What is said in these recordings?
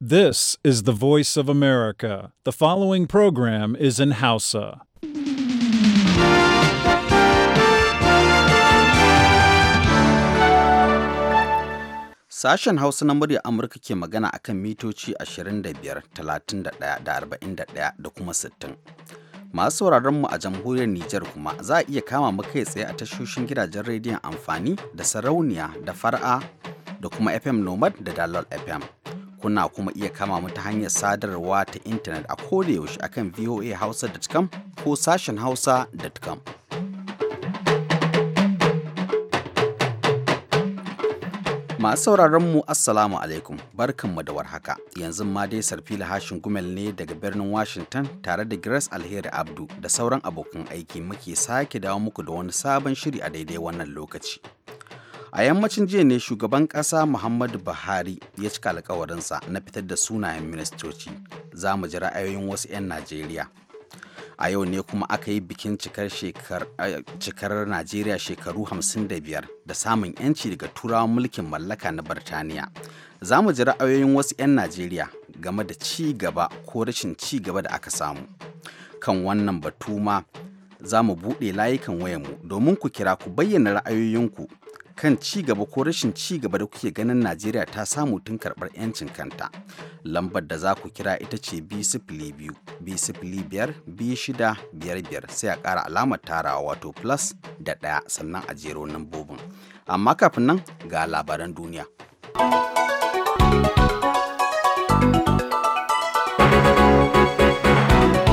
This is the voice of America. The following program is in Hausa. Sashen Hausa na murya Amurka ke magana akan mitoci 25, 31 da 41 da kuma 60. Masu sauraron mu a jamhuriyar Nijar kuma za a iya kama mu kai tsaye a tashoshin gidajen rediyon amfani da sarauniya da far'a da kuma FM Nomad da Dalal FM. kuna kuma iya kama mu ta hanyar sadarwa ta intanet a yaushe akan voahausa.com ko sashen hausa.com. Masu sauraron mu Assalamu alaikum barkanmu da warhaka yanzu ma dai sarfila hashin gumel ne daga birnin Washington tare da Grace Alheri Abdu da sauran abokan aiki muke sake dawo muku da wani sabon shiri a daidai wannan lokaci. a yammacin jiya ne shugaban ƙasa muhammadu buhari ya cika alkawarinsa na fitar da sunayen ministoci za mu ji ra'ayoyin wasu 'yan najeriya a yau ne kuma aka yi bikin cikar eh, cikar najeriya shekaru 55 da samun yanci daga turawan mulkin mallaka na birtaniya za mu ji ra'ayoyin wasu 'yan najeriya game da ci gaba ko rashin ci gaba da aka samu kan wannan batu ma za mu buɗe layukan wayanmu domin ku kira ku bayyana ra'ayoyinku kan ci gaba ko rashin ci gaba da kuke ganin Najeriya ta samu tun karɓar 'yancin kanta. Lambar da za ku kira ita ce B02 B05 b biyar-biyar, sai a ƙara alamar tarawa wato plus da ɗaya sannan a jero nambobin. Amma kafin nan ga labaran duniya.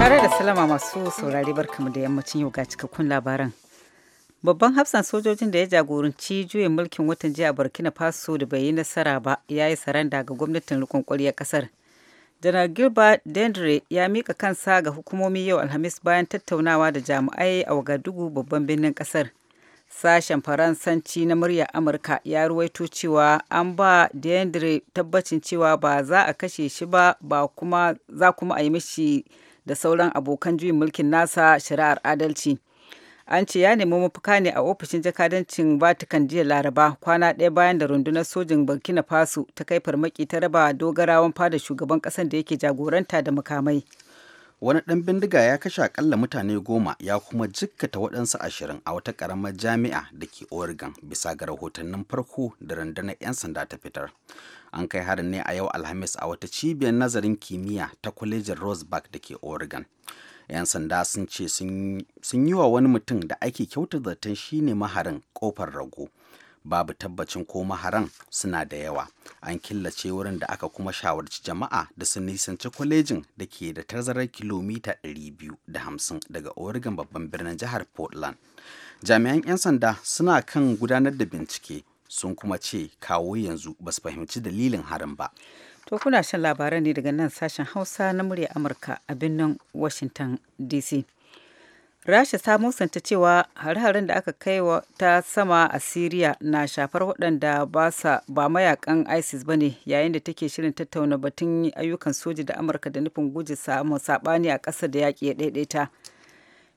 Tare da salama masu saurari barkamu da yammacin yau ga cikakkun labaran. babban hafsan sojojin da ya jagoranci juyin mulkin watan jiya a burkina faso da bai yi nasara ba ya yi saranda ga gwamnatin rikon ƙwaryar kasar. janar gilbert dendre ya mika kansa ga hukumomi yau alhamis bayan tattaunawa da jami'ai a wagadugu babban birnin kasar. sashen faransanci na muryar amurka ya ruwaito cewa an ba dendre tabbacin cewa ba za a kashe shi ba ba kuma za kuma a yi mishi da sauran abokan juyin mulkin nasa shari'ar adalci. an ce ya nemi mafuka ne a ofishin jakadancin vatican jiya laraba kwana ɗaya bayan da rundunar sojin burkina faso ta kai farmaki ta raba dogarawan fada shugaban ƙasar da yake jagoranta da makamai wani ɗan bindiga ya kashe aƙalla mutane goma ya kuma jikkata waɗansu ashirin a wata ƙaramar jami'a da ke oregon bisa ga rahotannin farko da rundunar 'yan sanda ta fitar an kai harin ne a yau alhamis a wata cibiyar nazarin kimiyya ta kwalejin roseback da ke oregon 'yan sanda sun ce sun yi wa wani mutum da ake kyautar zaton shine maharin kofar rago babu tabbacin ko maharan suna da yawa an killace wurin da aka kuma shawarci jama'a da su nisanci kwalejin da ke da tazarar kilomita 250 daga oregon babban birnin jihar portland jami'an 'yan sanda suna kan gudanar da bincike sun kuma ce kawo yanzu ba su fahimci dalilin harin ba to kuna shan labaran ne daga nan sashen hausa na murya amurka a birnin washington dc rasha ta musanta cewa har-harin da aka kai wa ta sama a syria na shafar waɗanda ba sa ba mayakan isis ba ne yayin da take shirin tattauna batun ayyukan soji da amurka da nufin guji samun saɓani a ƙasar da yaƙi ya ɗaiɗaita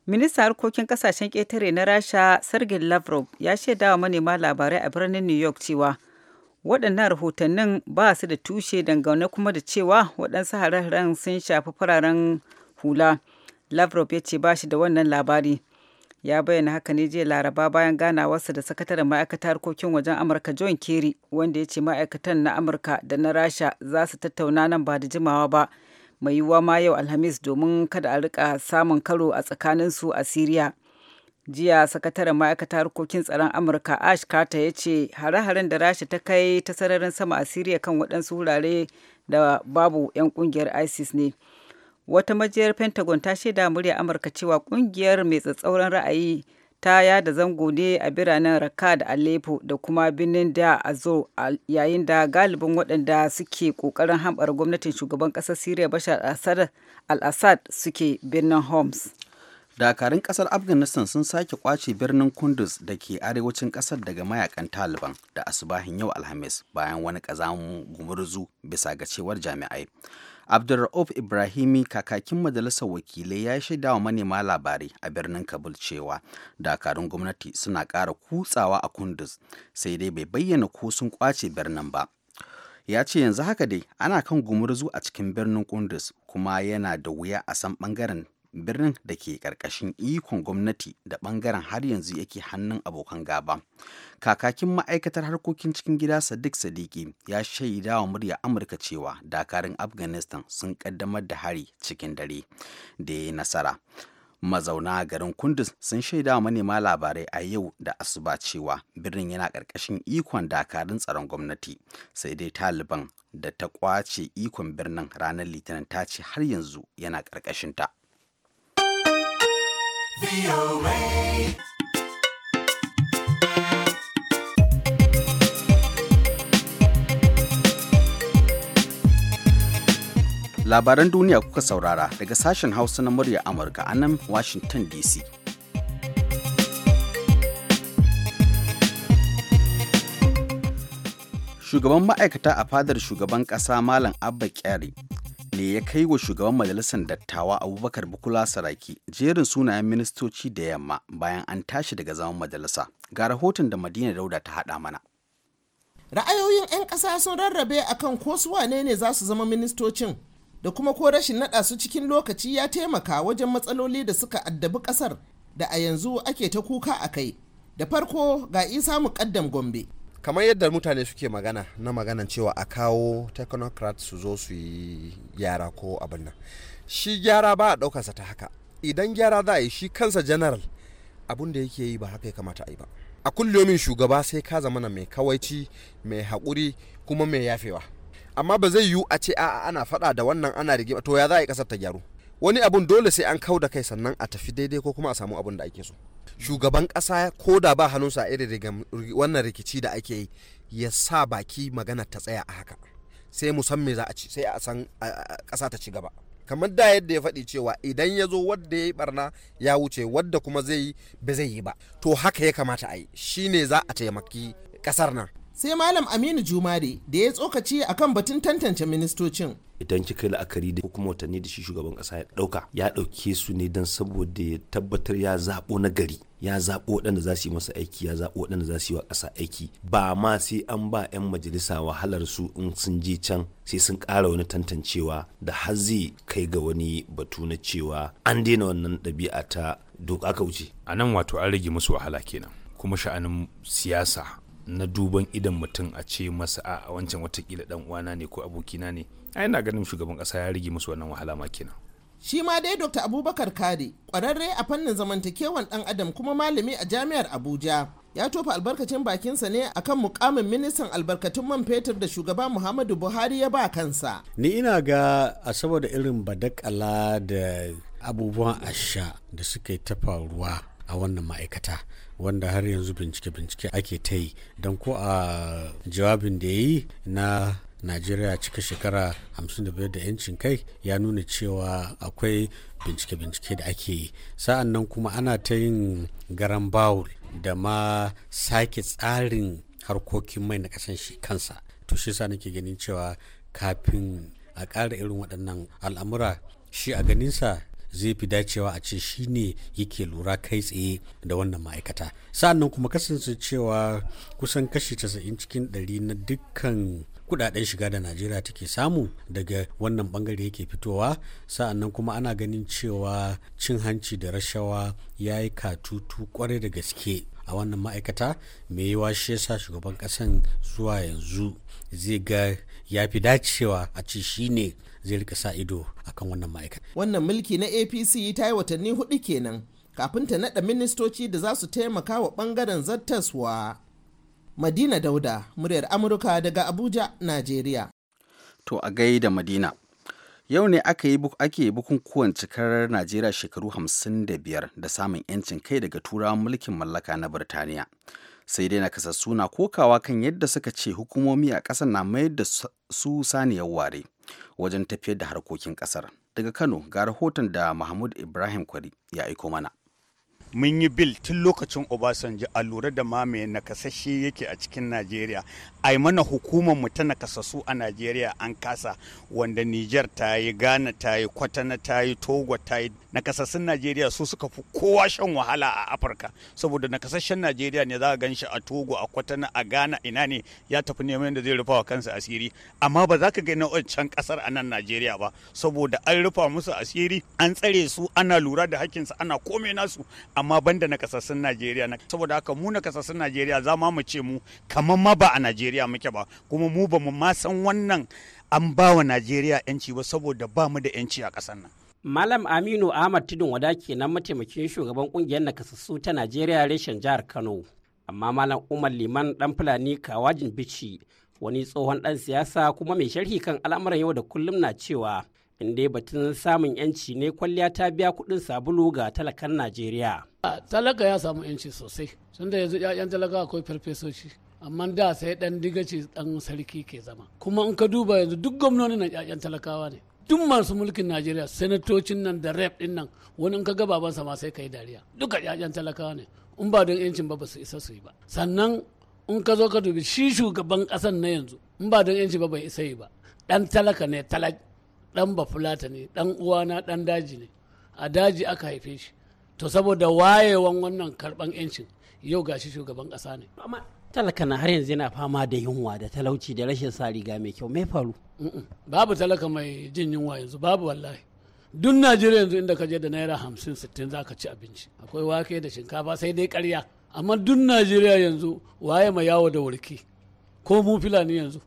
ministan harkokin ƙasashen ƙetare na rasha sergei lavrov ya shaidawa manema labarai a birnin new york cewa waɗannan rahotannin ba su da tushe dangane kuma da cewa waɗansu hare-haren sun shafi fararen hula. Lavrov ya ce ba shi da wannan labari. Ya bayyana haka ne jiya Laraba bayan ganawarsa da sakataren ma'aikatar harkokin wajen Amurka John Kerry wanda ya ce ma'aikatan na Amurka da na Rasha za su tattauna nan ba da jimawa ba. Mai yiwuwa ma yau Alhamis domin kada a rika samun karo a tsakanin su a Siriya. jiya sakataren ma'aikatar harkokin tsaron amurka ash carter ya ce hare-haren da rasha ta kai ta sararin sama a siriya kan waɗansu wurare da babu 'yan ƙungiyar isis ne wata majiyar pentagon ta shaida murya amurka cewa kungiyar mai tsatsauran ra'ayi ta yada zango ne a biranen raka da aleppo da kuma birnin da a zo yayin da galibin waɗanda suke ƙoƙarin hambar gwamnatin shugaban ƙasar syria bashar al-assad suke birnin homs dakarun ƙasar afghanistan sun sake kwace birnin kunduz da ke arewacin ƙasar daga mayakan taliban da asubahin yau alhamis bayan wani ƙazamin gumurzu bisa ga cewar jami'ai Abdulra'uf Ibrahimi kakakin majalisar wakilai ya shaida wa manema labarai a birnin Kabul cewa dakarun gwamnati suna ƙara kutsawa a Kunduz sai dai bai bayyana ko sun kwace birnin ba. Ya ce yanzu haka dai ana kan gumurzu a cikin birnin Kunduz kuma yana da wuya a san ɓangaren birnin da ke ƙarƙashin ikon gwamnati da ɓangaren har yanzu yake hannun abokan gaba kakakin ma'aikatar harkokin cikin gida sadiq sadiki ya shaida wa murya amurka cewa dakarun afghanistan sun ƙaddamar da hari cikin dare da ya yi nasara mazauna garin kundus sun shaida wa manema labarai a yau da asuba cewa birnin yana ƙarƙashin ikon dakarun tsaron gwamnati sai dai taliban da ta kwace ikon birnin ranar litinin ta ce har yanzu yana ƙarƙashinta Labaran duniya kuka saurara daga sashen Hausa na murya Amurka a nan Washington DC. Shugaban ma'aikata a fadar shugaban ƙasa Malam Abba Kyari ne ya kai wa shugaban majalisar dattawa abubakar bukula saraki jerin sunayen ministoci da yamma bayan an tashi daga zaman majalisa ga rahoton da madina dauda ta hada mana ra'ayoyin 'yan kasa sun rarrabe akan ko su wane ne za su zama ministocin da kuma ko rashin naɗa su cikin lokaci ya taimaka wajen matsaloli da suka addabi kasar da a yanzu ake ta kuka a kai da farko ga isa muƙaddam gombe kamar yadda mutane suke magana na maganan cewa a kawo technocrats su zo su yi gyara ko abin nan shi gyara ba a ɗaukarsa ta haka idan gyara za a yi shi kansa general abin da yake yi ba haka ya kamata a yi ba a kulliyomin shugaba sai ka zamana mai kawaici mai haƙuri kuma mai yafewa amma ba zai yiwu a ce a'a ana faɗa da wannan ana rigima to ya za a yi ƙasar ta gyaru wani abun dole sai an kau da kai sannan a tafi daidai ko kuma a samu abun da ake so shugaban ƙasa ko da ba hannunsa a irin wannan rikici da ake yi ya sa baki magana ta tsaya a haka sai mu san me za a ci sai a san ƙasa ta ci gaba kamar da yadda ya faɗi cewa idan ya zo wadda ya yi barna ya wuce wadda kuma zai yi ba zai yi ba to haka ya kamata a yi ne za a taimaki ƙasar nan sai malam aminu jumare da ya tsokaci akan batun tantance ministocin idan kika yi la'akari da kuma watanni da shi shugaban kasa ya dauka ya dauke su ne don saboda ya tabbatar ya zabo na gari ya zabo waɗanda za su yi masa aiki ya zabo waɗanda za su yi wa ƙasa aiki ba ma sai an ba 'yan majalisa wahalar su in sun je can sai sun ƙara wani tantancewa da har zai kai ga wani batu na cewa an daina wannan ɗabi'a ta doka wuce. a nan wato an rage musu wahala kenan kuma sha'anin siyasa na duban idan mutum a ce masa a wancan watakila dan uwana ne ko abokina ne a yana ganin shugaban kasa ya rage musu wannan wahala ma kenan shi ma dai dr abubakar kare kwararre a fannin zamantakewan dan adam kuma malami a jami'ar abuja ya tofa albarkacin bakinsa ne akan mukamin ministan albarkatun man fetur da shugaba muhammadu buhari ya ba kansa ni ina ga a saboda irin badakala da abubuwan asha da suka yi ta faruwa a wannan ma'aikata wanda har yanzu bincike-bincike ake ta yi don ko a jawabin da ya yi na najeriya cika shekara 55 da yancin kai ya nuna cewa akwai bincike-bincike da ake yi sa'an nan kuma ana ta yin garan bawul da ma sake tsarin harkokin mai na kasan shi kansa to shi sa nake ganin cewa kafin a ƙara irin waɗannan al'amura shi a ganinsa zai fi dacewa a ce shi ne yake lura kai tsaye da wannan ma'aikata sa'annan kuma kasance cewa kusan kashi 90 cikin 100 na dukkan kudaden shiga da najeriya take samu daga wannan bangare yake fitowa sa'annan kuma ana ganin cewa cin hanci da rashawa ya yi katutu kwarai da gaske a wannan ma'aikata mai yiwa shi yasa shugaban kasan zuwa yanzu zai ga ya fi dacewa a ci shi ne zai rika sa ido akan wannan ma'aikata. wannan mulki na apc ta yi watanni hudu kenan kafin ta naɗa ministoci da za su taimaka wa ɓangaren zattaswa madina dauda muryar amurka daga abuja najeriya to a gaida madina yau ne aka yi ake bukukuwan cikar najeriya shekaru 55 da samun 'yancin kai daga turawan mulkin mallaka na birtaniya sai dai nakasassu na kokawa kan yadda suka ce hukumomi a ƙasar na mayar da su saniyar ware wajen tafiyar da harkokin ƙasar daga kano ga rahoton da mahmud ibrahim kwari ya aiko mana mun yi bil tun lokacin obasanjo a lura da ma mai nakasashe yake a cikin najeriya a mana hukumar mu ta nakasassu a najeriya an kasa wanda niger ta yi ghana ta yi kwatana ta yi togo ta yi nakasassun najeriya su suka fi kowa shan wahala a afirka saboda nakasashen najeriya ne za a ganshi a togo a kwatana a ghana ina ne ya tafi neman da zai rufa wa kansa asiri amma ba za ka ga nau'in kasar a nan najeriya ba saboda an rufa musu asiri an tsare su ana lura da hakkinsu ana komai nasu amma banda na kasassun Najeriya na saboda haka mu na kasassun Najeriya za ma mu ce mu kamar ma ba a Najeriya muke ba kuma mu ba mu ma san wannan an ba wa Najeriya yanci ba saboda ba mu da yanci a ƙasar nan. Malam Aminu Ahmad Tudun Wada kenan mataimakin shugaban kungiyar nakasassu ta Najeriya reshen jihar Kano. Amma Malam Umar Liman dan Fulani Kawajin Bici wani tsohon dan siyasa kuma mai sharhi kan al'amuran yau da kullum na cewa inda batun samun yanci ne kwalliya ta biya kuɗin sabulu ga talakan najeriya talaka ya samu yanci sosai tun da yanzu 'ya'yan talaka akwai farfesoci amma da sai dan digaci dan sarki ke zama kuma in ka duba yanzu duk gwamnoni na 'ya'yan talakawa ne duk masu mulkin najeriya sanatocin nan da rep din nan wani in ka ga babansa ma sai ka yi dariya duka 'ya'yan talakawa ne in ba don yancin ba su isa su yi ba sannan in ka zo ka dubi shi shugaban kasan na yanzu in ba don yanci ba bai isa yi ba dan talaka ne talak ɗan bafulata ne ɗan uwana ɗan daji ne a daji aka haife shi to saboda wayewan wannan karɓan 'yancin yau gashi shugaban ƙasa ne talaka na har yanzu yana fama da yunwa da talauci da rashin sa riga mai kyau mai faru babu talaka mai jin yunwa yanzu babu wallahi duk najeriya yanzu inda ka je da naira hamsin sittin za ka ci abinci akwai wake da shinkafa sai dai karya amma duk najeriya yanzu waye ma yawo da warki ko mu filani yanzu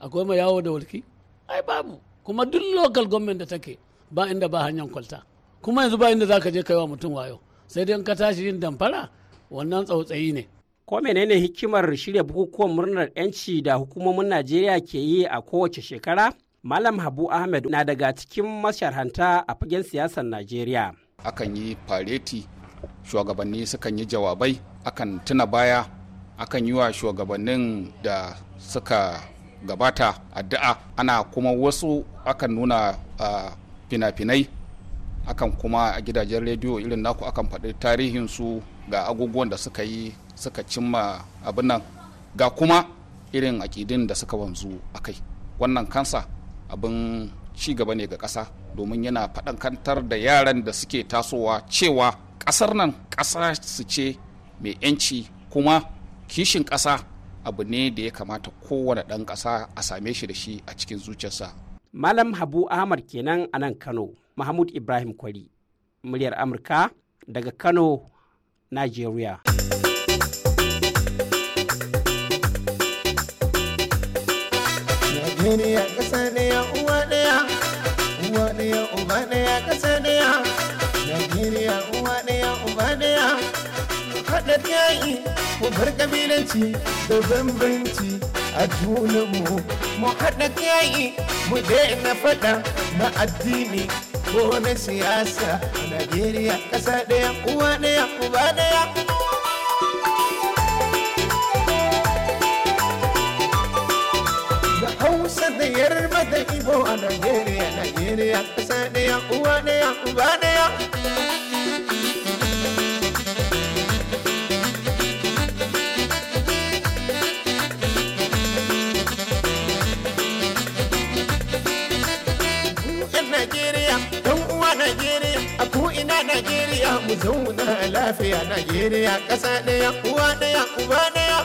akwai ma yawo da warki ai babu kuma duk local government da take ba inda ba hanyar kwalta kuma yanzu ba inda za ka je kai wa mutum wayo sai dai in ka tashi yin damfara wannan tsautsayi ne ko menene hikimar shirya bukukuwan murnar yanci da hukumomin najeriya ke yi a kowace shekara malam habu ahmed na daga cikin masharhanta a fagen siyasar najeriya akan yi fareti shugabanni sukan yi jawabai akan tuna baya akan yi wa shugabannin da suka gabata addu'a ana kuma wasu akan nuna fina-finai akan kuma a gidajen rediyo irin naku akan faɗi tarihinsu ga agogon da suka yi suka cimma abin nan ga kuma irin akidin da suka wanzu a kai wannan kansa abin ci gaba ne ga ƙasa domin yana faɗan kantar da yaran da suke tasowa cewa ƙasar nan ƙasa su ce mai 'yanci kuma kishin ƙasa abu ne da ya kamata kowane ɗan ƙasa a same shi da shi a cikin zuciyarsa. Malam Habu Ahmad kenan a nan Kano, Mahmud Ibrahim Kwari, muryar Amurka daga Kano, Najeriya. Najeriya uwa ɗaya ƙasa ɗaya, Najeriya uwa ɗaya uba ɗaya. faɗaɗ yaƙi mu bar ƙabilanci da bambanci a junanmu mu haɗa yaƙi mu daina faɗa na addini ko na siyasa a Najeriya ƙasa ɗaya uwa ɗaya uba ɗaya. Da Hausa da Yarba da Ibo a Najeriya, Najeriya ƙasa ɗaya uwa ɗaya uba ɗaya. mu zauna lafiya Najeriya ƙasa ɗaya uwa ɗaya uba ɗaya.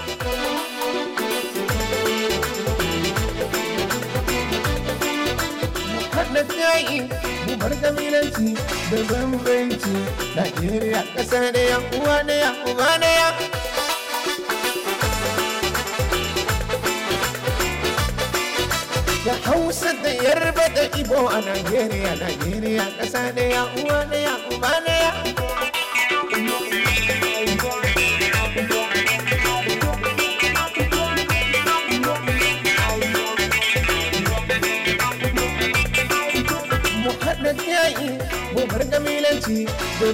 Haɗa tsayi mu bar ƙabilanci da bambanci Najeriya ƙasa ɗaya uwa ɗaya uba ɗaya. da hausa da yarba da ibo a najeriya najeriya ƙasa ɗaya uwa ɗaya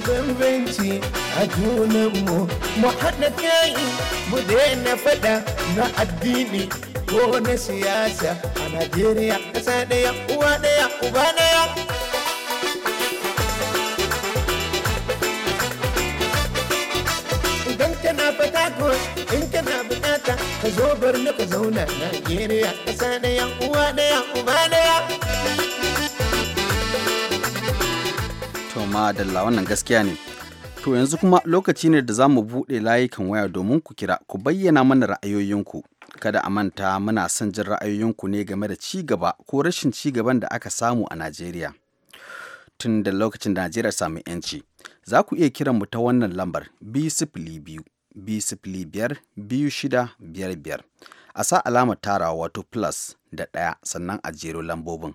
da bambanci a junanmu mu haɗa kai mu daina faɗa na addini ko na siyasa a Najeriya ƙasa ɗaya uwa ɗaya uba ɗaya. Idan kana fata ko in kana bukata ka zo bar na ka zauna Najeriya ƙasa ɗaya uwa ɗaya uba ɗaya. dalla wannan gaskiya ne to yanzu kuma lokaci ne da za mu buɗe layukan waya domin ku kira ku bayyana mana ra'ayoyinku kada a manta muna son jin ra'ayoyinku ne game da ci gaba ko rashin ci gaban da aka samu a najeriya tun da lokacin da najeriya samu yanci za ku iya kiran mu ta wannan lambar b biyu biyar biyu shida biyar biyar a sa alamar tarawa wato plus da ɗaya sannan a jero lambobin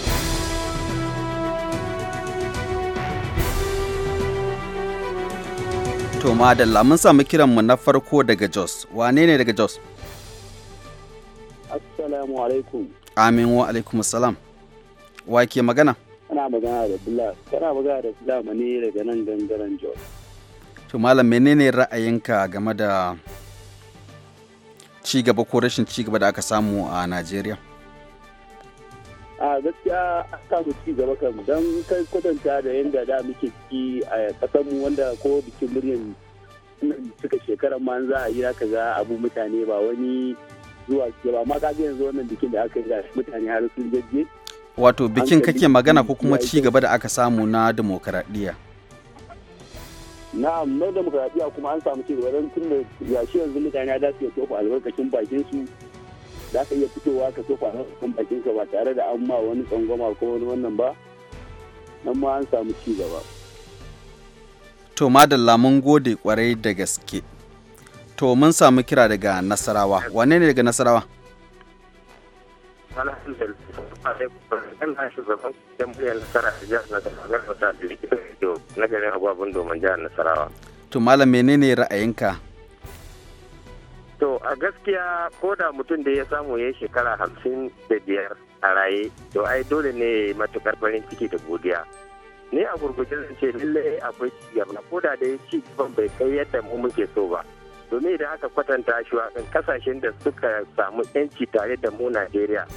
To madalla mun samu kiranmu na farko daga Jos. Wane ne daga Jos? Assalamu alaikum. Amin wa alaikum salam. Wa ke magana? Ana magana da Bilal. Kana magana da Bilal ne daga nan gangaren Jos. To malam menene ra'ayinka game da ci gaba ko rashin ci gaba da aka samu a Najeriya? a gaskiya an samu ci gaba kan don kai kwatanta da yadda da muke ciki a kasanmu wanda ko bikin muryan suka shekarar ma za a yi ka ga abu mutane ba wani zuwa ke ba ma kaga yanzu wannan bikin da aka yi ga mutane har sun jajje wato bikin kake magana ko kuma ci gaba da aka samu na demokaradiyya na'am na demokaradiyya kuma an samu ci gaba don tun da yashi yanzu mutane da su ya albarkacin bakin su za ka iya fitowa ka tofa kan bakin ka ba tare da an ma wani tsangwama ko wani wannan ba nan ma an samu ci gaba to madalla mun gode kwarai da gaske to mun samu kira daga nasarawa wane ne daga nasarawa to malam menene ra'ayinka To a gaskiya ko da mutum da ya samu ya shekara hamsin da biyar a raye to ai dole ne matukar farin ciki da godiya. Ni a gurguje zan ce lallai akwai cigaba ko da ya ci gaba bai kai yadda mu muke so ba. Domin idan aka kwatanta shi a kasashen da suka samu yanci tare da mu Najeriya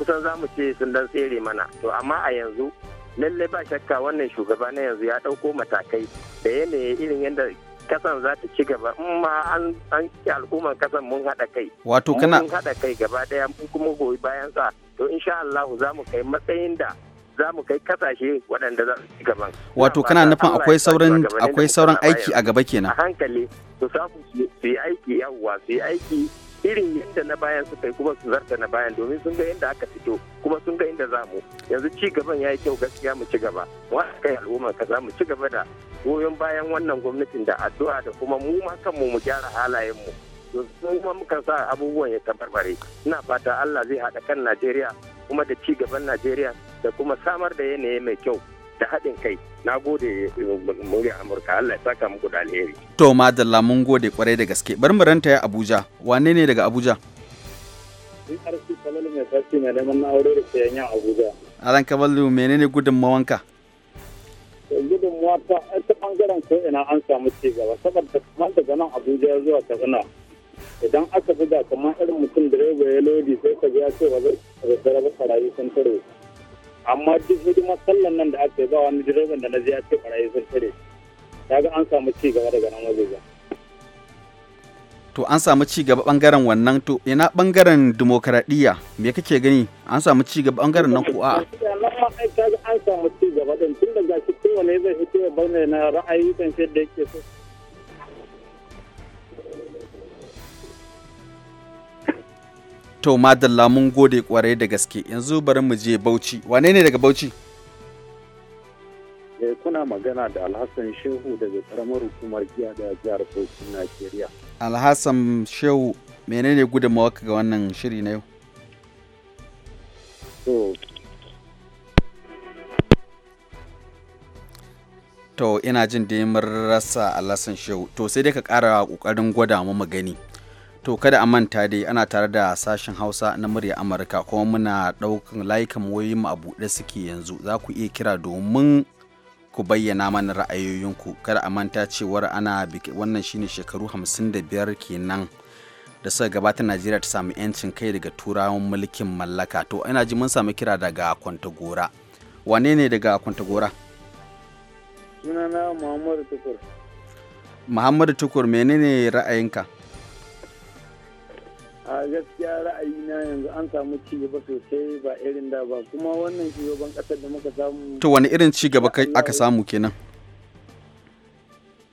kusan za mu ce sun dan tsere mana to amma a yanzu lallai ba shakka wannan shugaba na yanzu ya ɗauko matakai da yanayi irin yadda kasan za ta ci gaba in ma an an al'umman kasan mun haɗa kai wato kana mun haɗa kai gaba daya mun kuma goyi bayan sa to insha Allah za mu kai matsayin da za mu kai kasashe waɗanda za su ci gaban wato kana nufin akwai sauran akwai sauran aiki a gaba kenan a hankali su samu su yi aiki yawwa su yi aiki irin yadda na bayan suka yi kuma su zarta na bayan domin sun ga inda aka fito kuma sun ga inda zamu yanzu ci gaban ya yi kyau gaskiya mu ci gaba mu kai al'umma ka za mu ci gaba da goyon bayan wannan gwamnatin da addu'a da kuma mu ma kanmu mu gyara halayen mu sun kuma muka sa abubuwan ya tabarbare ina fata Allah zai haɗa kan Najeriya kuma da ci gaban Najeriya da kuma samar da yanayi mai kyau da haɗin kai na gode eh, murya amurka allah ya saka muku da alheri to madalla mun gode kwarai da gaske bari mu ranta ya abuja wane ne daga abuja in arsi kamalu mai sarki mai neman na aure da ke yanya abuja alan kamalu menene gudunmawanka gudunmawa ta ta bangaren ko ina an samu ci gaba saboda kamar daga nan abuja zuwa katsina idan aka buga kamar irin mutum direba ya lodi sai ka ga ya ce ba zai ba sarrafa karayi sun tare amma duk hidimar sallan nan da aka yi ba wani direban da na je ce barayi sun tare ga an samu ci gaba daga nan ba to an samu ci gaba bangaren wannan to ina bangaren demokradiyya me kake gani an samu ci gaba bangaren nan ko a. an samu ci gaba din tun daga shi kowane zai fito ya bayyana ra'ayi kan da yake so to madalla mun gode kwarai da gaske yanzu bari mu je bauchi wane ne daga bauchi eh, kuna magana da alhassan shehu daga karamar hukumar giya da jihar bauchi nigeria alhassan shehu menene gudunmawarka ga wannan shiri na yau to ina jin da rasa alhassan shehu to sai dai ka kara kokarin gwada mu magani gani To kada a manta dai ana tare da sashen Hausa na murya Amurka kuma muna ɗaukan layukan wayoyin mu a buɗe suke yanzu za ku iya kira domin ku bayyana mana ra'ayoyinku kada a manta cewar ana wannan shine shekaru 55 kenan da suka gabata Najeriya ta sami 'yancin kai daga turawan mulkin mallaka to ina ji mun sami kira daga Kwantagora wane ne daga Kwantagora? Sunana Muhammadu Tukur. Muhammadu Tukur menene ra'ayinka? a gaskiya ra'ayi na yanzu an samu ci gaba sosai ba irin da ba kuma wannan shugaban kasar da muka samu to wani irin ci gaba kai aka samu kenan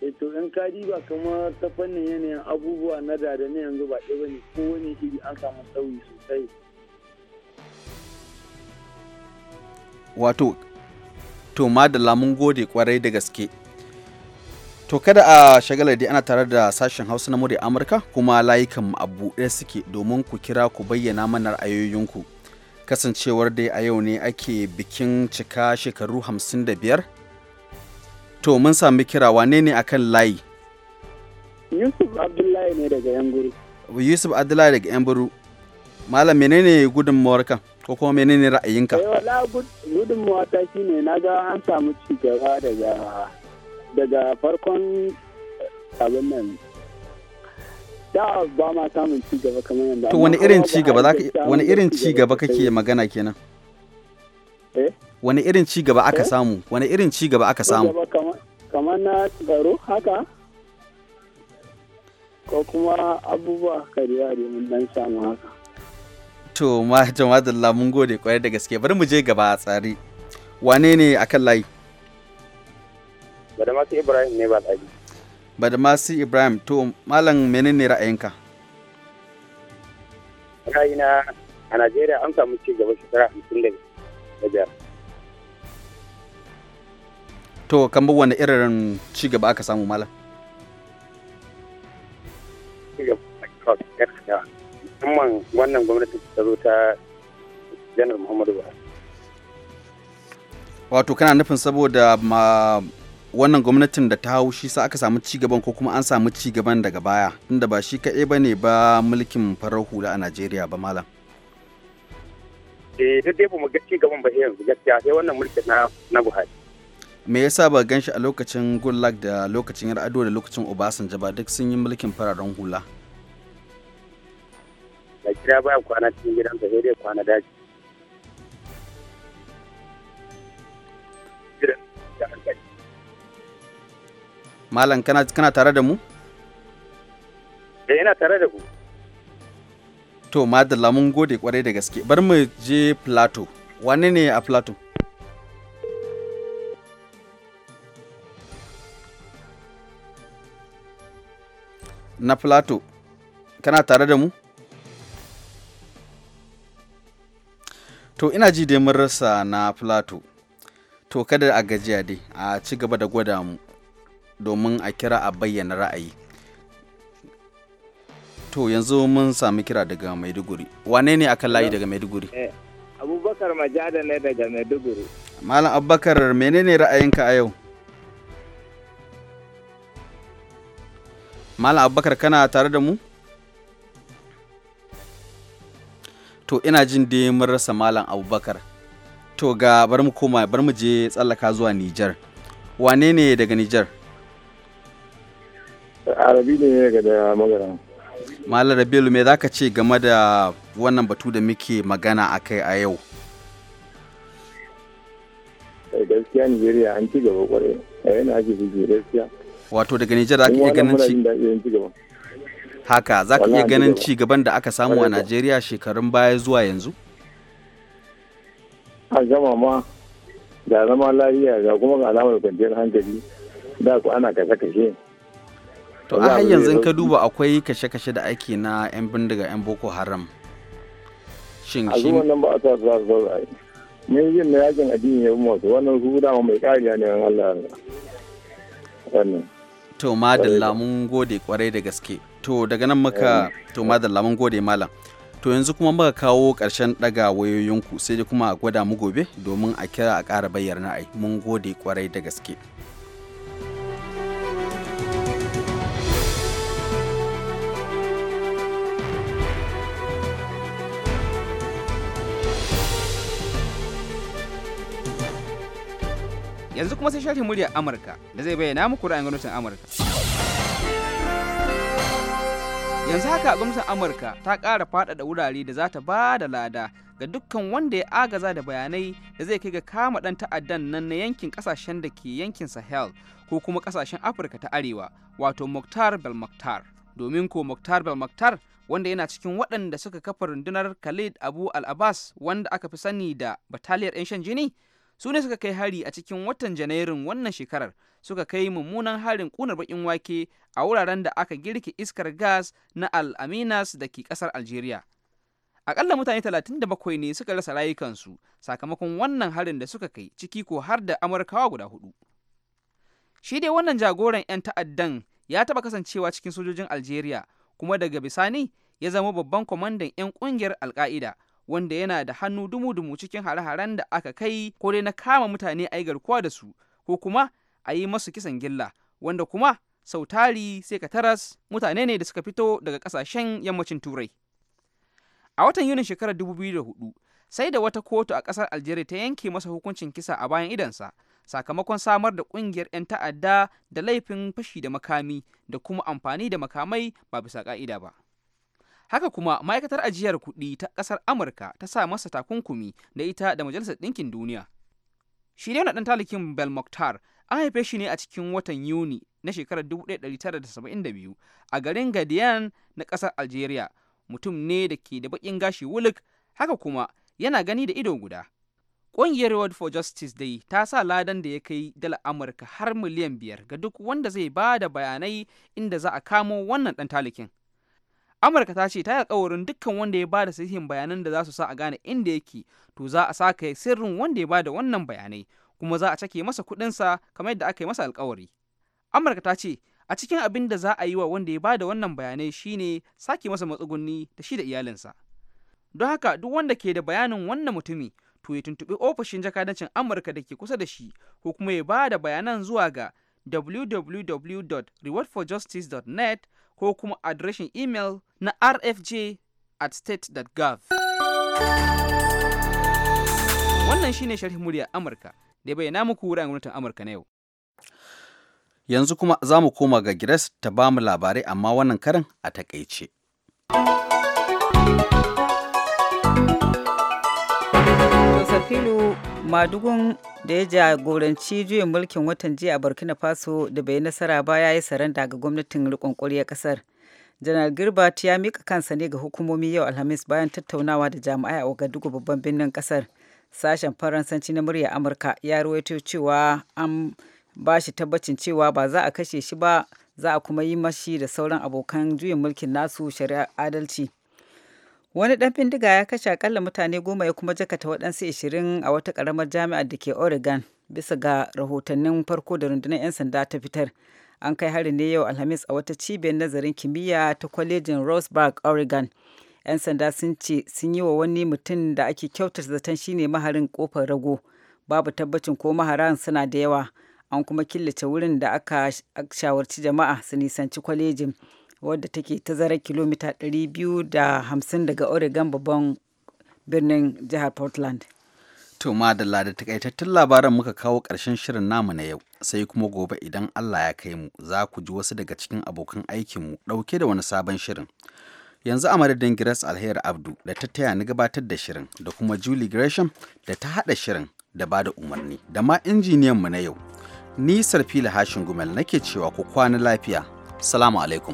eh to in ka diba kamar ta fannin yanayin abubuwa na da da na yanzu ba ɗaya bane wani iri an samu sauyi sosai wato to ma da lamun gode kwarai da gaske To kada a shagalar dai ana tare da sashen Hausa na muri Amurka kuma layukan mu a buɗe suke domin ku kira ku bayyana mana ra'ayoyinku. Kasancewar dai a yau ne ake bikin cika shekaru 55. To mun sami kira wane ne akan layi? Yusuf Abdullahi ne daga Yamburu. Yusuf Abdullahi daga Yamburu. Malam menene ka ko kuma menene ra'ayinka? Yau la shi shine na ga an samu cigaba daga daga farkon eh, abin nan da ba ma samun ci gaba kamar yadda to wani irin ci gaba zaka wani irin ci gaba kake magana kenan eh wani irin ci gaba aka eh? samu wani irin ci gaba aka samu kamar na tsaro haka ko kuma abubuwa kariya da mun dan samu haka to ma jama'a mun gode kwarai da gaske bari mu je gaba a tsari wane ne akan layi Badamasi Ibrahim ne ba tsari. Badamasi Ibrahim to malam menene ra'ayinka? Ra'ayina a Najeriya an samu ci gaba shekara hamsin da biyar. To kamar wani irin ci gaba aka samu malam? Ci gaba musamman wannan gwamnati ta zo ta janar Muhammadu Buhari. Wato kana nufin saboda ma wannan gwamnatin da ta hau shi sa aka samu cigaban ko kuma an samu cigaban daga baya inda ba shi kaɗai ba ne ba mulkin farar hula a najeriya ba malam eh duk dai ba mu ga cigaban ba yanzu gaskiya sai wannan mulkin na na buhari me yasa ba gan shi a lokacin goodluck da lokacin yar ado da lokacin obasanjo ba duk sun yi mulkin fararen hula da kira baya kwana cikin gidan sa sai dai kwana daji malam kana kana tare da mu eh, ina tare da ku to madalla mun gode kwarai da gaske bar mu je plato wane ne a plato na plato kana tare da mu to ina ji dai mun rasa na plato to kada a gajiya dai a ci gaba da gwada mu domin a kira a bayyana ra'ayi to yanzu mun sami kira daga maiduguri wane ne aka layi daga maiduguri eh, abubakar majada ne daga maiduguri malam abubakar menene ra'ayinka a yau malam abubakar kana tare da mu to ina jin dai mun rasa malam abubakar to ga bar mu koma bar mu je tsallaka zuwa nijar wane ne daga nijar arabi ne daga magaran malam rabilu me za ka ce game da wannan batu da muke magana a kai a yau eh, gaskiya nigeria an ci gaba kwarai a yana ake suke gaskiya wato daga nijar za ka iya ganin ci haka za ka iya ganin ci gaban da aka samu a najeriya shekarun baya zuwa yanzu a gama ma da zama lafiya ga kuma ga alamar kwanciyar hankali da ku ana kashe-kashe to a har yanzu ka duba akwai kashe-kashe da ake na 'yan bindiga 'yan boko haram shin shi A wannan ba a ta za su zaura ne yin na yakin addini ya mutu wannan su dama mai kariya ne an Allah wannan to madalla mun gode kwarai da gaske to daga nan muka to madalla mun gode malam to yanzu kuma muka kawo ƙarshen ɗaga wayoyinku sai dai kuma a gwada mu gobe domin a kira a ƙara bayyana ai mun gode kwarai da gaske yanzu kuma sai shafin muryar amurka da zai bayyana muku ra'ayin gwamnatin amurka yanzu haka gwamnatin amurka ta ƙara faɗaɗa wurare da za ta ba da lada ga dukkan wanda ya agaza da bayanai da zai kai ga kama ɗan ta'addan nan na yankin ƙasashen da ke yankin sahel ko kuma ƙasashen afirka ta arewa wato muktar belmuktar domin ko muktar belmuktar wanda yana cikin waɗanda suka kafa rundunar khalid abu al-abbas wanda aka fi sani da bataliyar 'yan shan jini su ne suka kai hari a cikin watan janairun wannan shekarar suka kai mummunan harin kunar bakin wake a wuraren da aka girke iskar gas na al-aminas da ke kasar algeria akalla mutane 37 ne suka rasa rayukansu sakamakon wannan harin da suka kai ciki ko har da amurkawa guda hudu shi dai wannan jagoran 'yan ta'addan ya taba kasancewa cikin sojojin algeria kuma daga bisani ya zama babban kwamandan 'yan kungiyar alka'ida wanda yana da hannu dumu-dumu cikin hare-haren da aka kai ko dai na kama mutane a yi garkuwa da su ko kuma a yi masu kisan gilla wanda kuma sau tari sai ka taras mutane ne da suka fito daga kasashen yammacin turai a watan yunin shekarar 2004 sai da wata kotu a kasar algeria ta yanke masa hukuncin kisa a bayan idansa sakamakon samar da kungiyar 'yan ta'adda da laifin fashi da makami da kuma amfani da makamai ba bisa ka'ida ba haka kuma ma'aikatar ajiyar kuɗi ta ƙasar amurka ta sa masa takunkumi da ita da majalisar ɗinkin duniya shi ne wani ɗan talakin belmokhtar an haife shi ne a cikin watan yuni na shekarar 1972 a garin gadiyan na ƙasar algeria mutum ne da ke da baƙin gashi wuluk haka kuma yana gani da ido guda Ƙungiyar World for Justice dai ta sa ladan da ya kai dala Amurka har miliyan biyar ga duk wanda zai ba da bayanai inda za a kamo wannan ɗan talakin. amurka ta ce ta yi alkawarin dukkan wanda ya bada sahihin bayanan da za su sa a gane inda yake to za a saka sirrin wanda ya bada wannan bayanai kuma za a cake masa kuɗinsa kamar yadda aka yi masa alkawari amurka ta ce a cikin abin da za a yi wa wanda ya bada wannan bayanai shine sake masa matsugunni da shi da iyalinsa don haka duk wanda ke da bayanin wannan mutumi to ya tuntuɓi ofishin jakadancin amurka da ke kusa da shi ko kuma ya bada bayanan zuwa ga www.rewardforjustice.net ko kuma adireshin imel na rfj at state.gov. Wannan shine sharhin muryar Amurka da ya bayyana muku wuraren gwamnatin Amurka na yau. Yanzu kuma za mu koma ga Gires ta ba mu labarai amma wannan karin a takaice. filu madugun da ya jagoranci juyin mulkin watan jiya a burkina faso da bai nasara ba ya yi saranda ga gwamnatin rikon ƙasar. kasar janar gilbert ya mika kansa ne ga hukumomi yau alhamis bayan tattaunawa da jami'ai a wagadugu babban birnin kasar sashen faransanci na murya amurka ya ruwaito cewa an ba shi tabbacin cewa ba za a kashe shi ba za a kuma yi mashi da sauran abokan juyin mulkin nasu shari'ar adalci Wani ɗan bindiga ya kashe akalla mutane goma ya kuma jakata waɗansu ishirin a wata ƙaramar jami'ar da ke Oregon bisa ga rahotannin farko da rundunar 'yan sanda ta fitar. An kai hari ne yau Alhamis a wata cibiyar nazarin kimiyya ta kwalejin Roseburg, Oregon. 'Yan sanda sun ce sun yi wa wani mutum da ake kyautar zaton shine maharin kofar rago. Babu tabbacin ko maharan suna da yawa. An kuma killace wurin da aka shawarci jama'a su nisanci kwalejin. wadda take tazara kilomita 250 daga Oregon babban birnin jihar Portland. To madalla da takaitattun labaran muka kawo ƙarshen shirin namu na yau sai kuma gobe idan Allah ya kai mu za ku ji wasu daga cikin abokan aikinmu ɗauke da wani sabon shirin. Yanzu a madadin Grace Alheri Abdu da ta taya ni gabatar da shirin da kuma Julie Gresham da ta haɗa shirin da ba da umarni da ma injiniyanmu na yau. Ni Sarfila Hashin Gumel nake cewa ku kwana lafiya. Salamu alaikum.